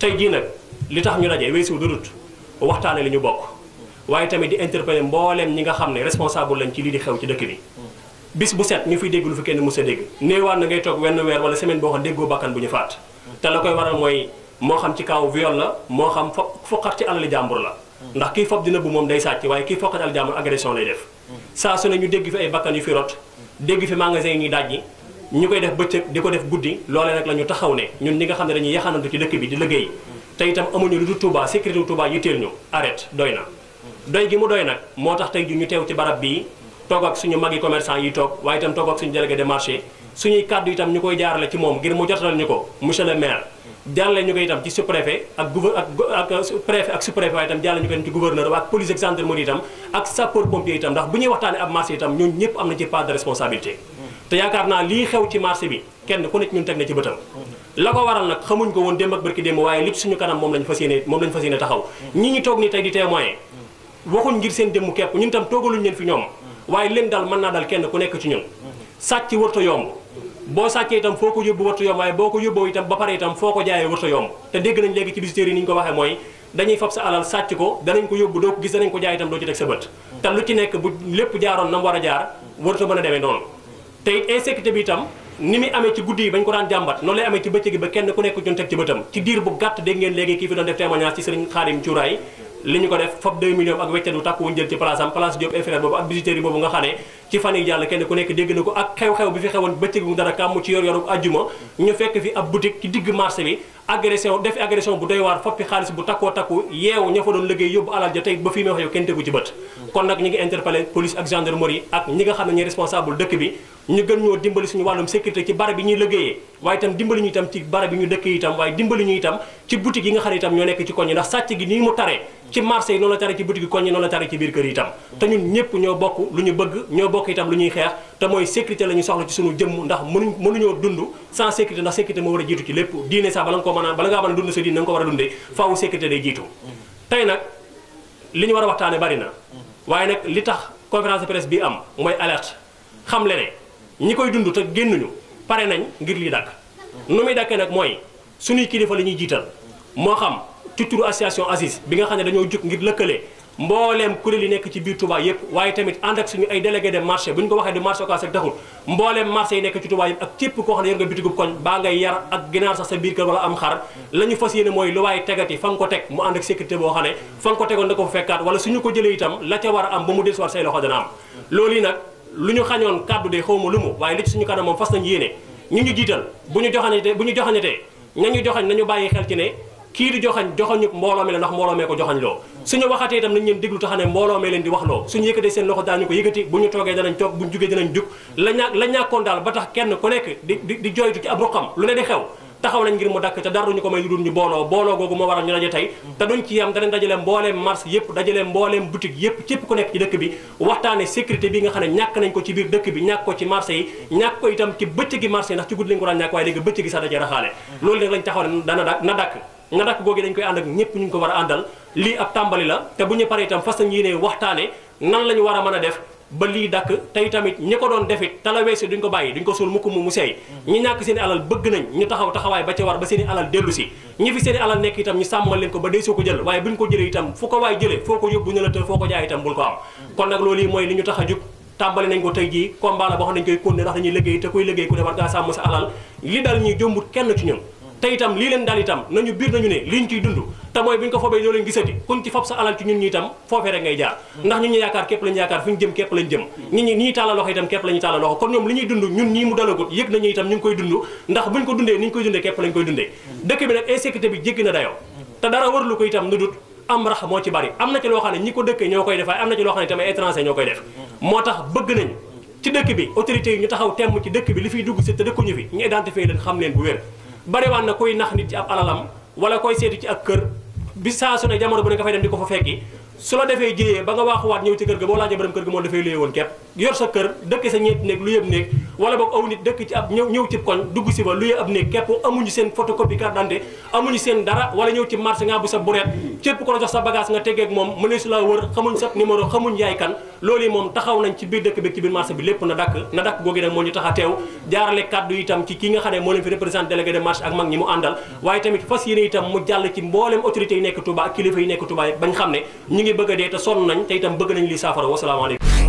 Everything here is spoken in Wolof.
tey jii nag li tax ñu daje weesu du dut waxtaane li ñu bokk waaye tamit di interpeller mbooleem ñi nga xam ne responsable lañ ci lii di xew ci dëkk bi bis bu set ñu fiy dégg lu fi kenn mës a dégg néewaan na ngay toog wenn weer wala semaine boo xam déggoo bàkkan bu ñu faat te la koy waral mooy moo xam ci kaw viol la moo xam fo foqat ci alali jàmbur la ndax kii fob dina bu moom day sàcc waaye kii foqat alali jàmbur agression lay def saa su ne ñu dégg fi ay bakkan yu fi ñu koy def bëccëg di ko def guddi loole nag la ñu taxaw ne ñun ñi nga xam ne dañuy yaxanantu ci dëkk bi di liggéey te itam amuñu lu dul Touba sécurité wu Touba yitteel ñu arrête doy na doy gi mu doy nag moo tax te ji ñu teew ci barab bi toog ak suñu magi commerçant yi toog waaye itam toog ak suñu délégué marché suñuy kàddu itam ñu koy jaarale ci moom ngir mu jotal ñu ko monsieur le maire jaarale ñu ko itam ci sous-préfet ak gouver ak ak préfet ak sous ñu ko itam ci gouverneur ak police ak gendarmerie itam bu ñuy waxtaane ab marché itam ñun ñëpp am na ci part de te yaakaar naa lii xew ci marché bi kenn ku nekk ñun teg na ci bëtam la ko waral nag xamuñ ko woon démb ak barki démb waaye li ci suñu kanam moom lañ moom lañ fas yéene taxaw ñi ñu toog ni tey di témoin waxuñ ngir seen démb kepp ñun tam toogaluñ leen fi ñoom waaye leen daal mën naa dal kenn ku nekk ci ñun sàcc warta yomb boo sàccee itam foo ko yóbbu warta yomb boo ko yóbboo itam ba pare itam foo ko jaayee warta yomb te dégg nañ léegi yi ni ko waxee mooy dañuy fab sa alal sàcc ko danañ ko yóbbu doo ko gis danañ ko jaay itam doo ci teg sa bët te lu ci nekk bu lépp jaaroon nam war a jaar warta mën a demee noonu tey insécurité bi itam ni muy amee ci guddi yi bañ ko daan jàmbat noonu lay amee ci bëccëg ba kenn ku nekk jon teg ci bëtam ci diir bu gàtt dégg ngeen léegi kii fi doon def témoignage ci sëriñ Xaarim Cuuraay li ñu ko def fab 2 millions ak weccet wu tàkk wuñ jël ci place am na bët kon nag ñi ngi interpellé police ak gendarmerie ak ñi nga xam ne ñi responsable dëkk bi ñu gën ñoo dimbali suñu wàllum sécurité ci barab bi ñuy liggéeyee waaye itam dimbali ñu itam ci barab bi ñu dëkk itam waaye dimbali ñu itam ci boutique yi nga xam ne itam ñoo nekk ci koñ yi ndax sàcc gi nii mu taree ci marché yi noonu la tare ci boutique yi koñ yi noonu la tare ci biir kër yi itam te ñun ñëpp ñoo bokk lu ñu bëgg ñoo bokk itam lu ñuy xeex te mooy sécurité la ñu soxla ci suñu jëmm ndax mënuñ mënuñoo dund sans sécurité ndax sécurité moo war a jiitu ci lépp diine sax bala nga ko mën a bala ngaa mën a dund sa diine nga ko war a dundee faaw sécurité day jiitu tey nag li ñu war a waxtaane bari na mm-hmm. waaye nag li tax conférence de presse bi am mooy alerte xam le ne ñi koy dund te génnuñu pare nañ ngir lii dàkk nu muy dàkkee nag mooy suñuy kilifa la ñuy jiital moo xam ci turu association ACIS bi nga xam ne dañoo jóg ngir lëkkale mbooleem kuréel yi nekk ci biir Touba yëpp waaye tamit ànd ak suñu ay délégué de marché bu ñu ko waxee de marché occas rek taxul mbooleem marché yi nekk ci Touba yëpp ak képp koo xam ne yor nga bitigub koñ baa ngay yar ak ginaar sax sa biir kër wala am xar la ñu fas yéene mooy lu waaye tegati fa nga ko teg mu ànd ak boo xam ne fa ko tegoon da ko fa fekkaat wala suñu ko jëlee itam la ca war am ba mu desuwaat say loxo dana am loolu lu ñu xañoon kàddu de xaw ma lu mu waaye li ci suñu kanam moom fas nañu yéene ñu ñu jiital bu ñu joxañatee bu nañu joxañ nañu bàyyi xel ci ne kii di joxañ joxañu mbooloo mi la ndax mbooloo mee ko joxañ loo suñu waxatee itam nañu leen déglu tax ne mbooloo mee leen di wax loo suñu yëkkatee seen loxo daañu ko yëkkati bu ñu toogee danañ toog bu ñu jugee danañ jug la ñaa la ñàkkoon daal ba tax kenn ku nekk di di di jooytu ci ab ruqam lu ne di xew taxaw nañ ngir mu dakk te dara duñu ko may lu dul ñu booloo booloo googu moo waral ñu daje tey te duñ ci yam danañ dajale mbooleem marché yëpp dajale mbooleem boutique yëpp cépp ku nekk ci dëkk bi waxtaane sécurité bi nga xam ne ñàkk nañ ko ci biir dëkk bi ñàkk ko ci marché yi ñàkk ko itam ci bëccëgi marché yi ndax ci guddi lañ ko daan ñàkk waaye léegi bëccëgi sax dajee raxaale loolu nag lañ taxaw ne dana dakk na dakk na dakk dañ koy ànd ak ñëpp ñu ngi ko war a àndal lii la te bu ñu paree itam fas nañ yéene waxtaane nan lañu war a mën a def ba lii dakk tey tamit ñi ko doon defit tala weesu duñ ko bàyyi duñ ko suul mukk mu mu seey ñi ñàkk seen alal bëgg nañ ñu taxaw taxawaay ba ci war ba seen i alal dellu si ñi fi seen alal nekk itam ñu sàmmal ko ba dee soo ko jël waaye buñ ko jëlee itam fu ko waay jëlee foo ko yóbbu ne la foo ko jaay itam bul ko am kon nag loolu mooy li ñu tax a jóg tàmbali nañ ko tey jii combat la boo xam nañ koy continuer ndax dañuy liggéey te kuy liggéey ku ne war ngaa sàmm sa te mooy bu ñu ko fobee ñoo leen gisati kuñ ci fob sa alal ci ñun ñi itam foofee rek ngay jaar ndax ñun ñu yaakaar képp lañu yaakaar fu ñu jëm képp lañ jëm ñi ñi ñuy itam képp lañuy ko dundee ni ñu koy dundee képp lañ koy dundee dëkk bi nag insécurité bi jéggi na dayoo te dara warlu ko itam nu dut am rax moo ci bari am na ci loo xam ne ñi ko dëkkee ñoo koy def waaye am na ci loo xam ne tamit étranger ñoo koy def moo tax bëgg nañ ci dëkk bi autorité ñu taxaw temm ci dëkk bi li fi ñu identifier leen xam leen bu nax nit wala koy seetu ci ak bi saa su ne jamono bu ne nga fay dem di ko fa fekki su la defee jiyee ba nga waaxuwaat ñëw ci kër ga boo laajee borom kër ga moom dafay luye woon képp yor sa kër dëkk sa ñeenti néeg lu yëb néeg wala boog aw nit dëkk ci ab ñëw ñëw ci koñ dugg si ba luye ab néeg képp amuñu seen photocopie carte d'identité amuñu seen dara wala ñëw ci marché nga bu sa bureet képp ko la jox sa bagage nga teggeeg moom mëneesu laa wër xamuñ sa numéro xamuñ yaay kan loolu yi moom taxaw nañ ci biir dëkk bi ci biir marché bi lépp na dakk na dakk googu nag moo ñu tax a teew jaarale kàddu itam ci ki nga xam ne moo leen fi représenté délégué de marché ak mag ñi mu àndal waaye tamit fas yéene itam mu jàll ci mbooleem autorité yi nekk Touba ak kilifa yi nekk Touba bañ xam ne ñu ngi bëgg a dee te sonn nañ te itam bëgg nañ li saafara wasalaamaaleykum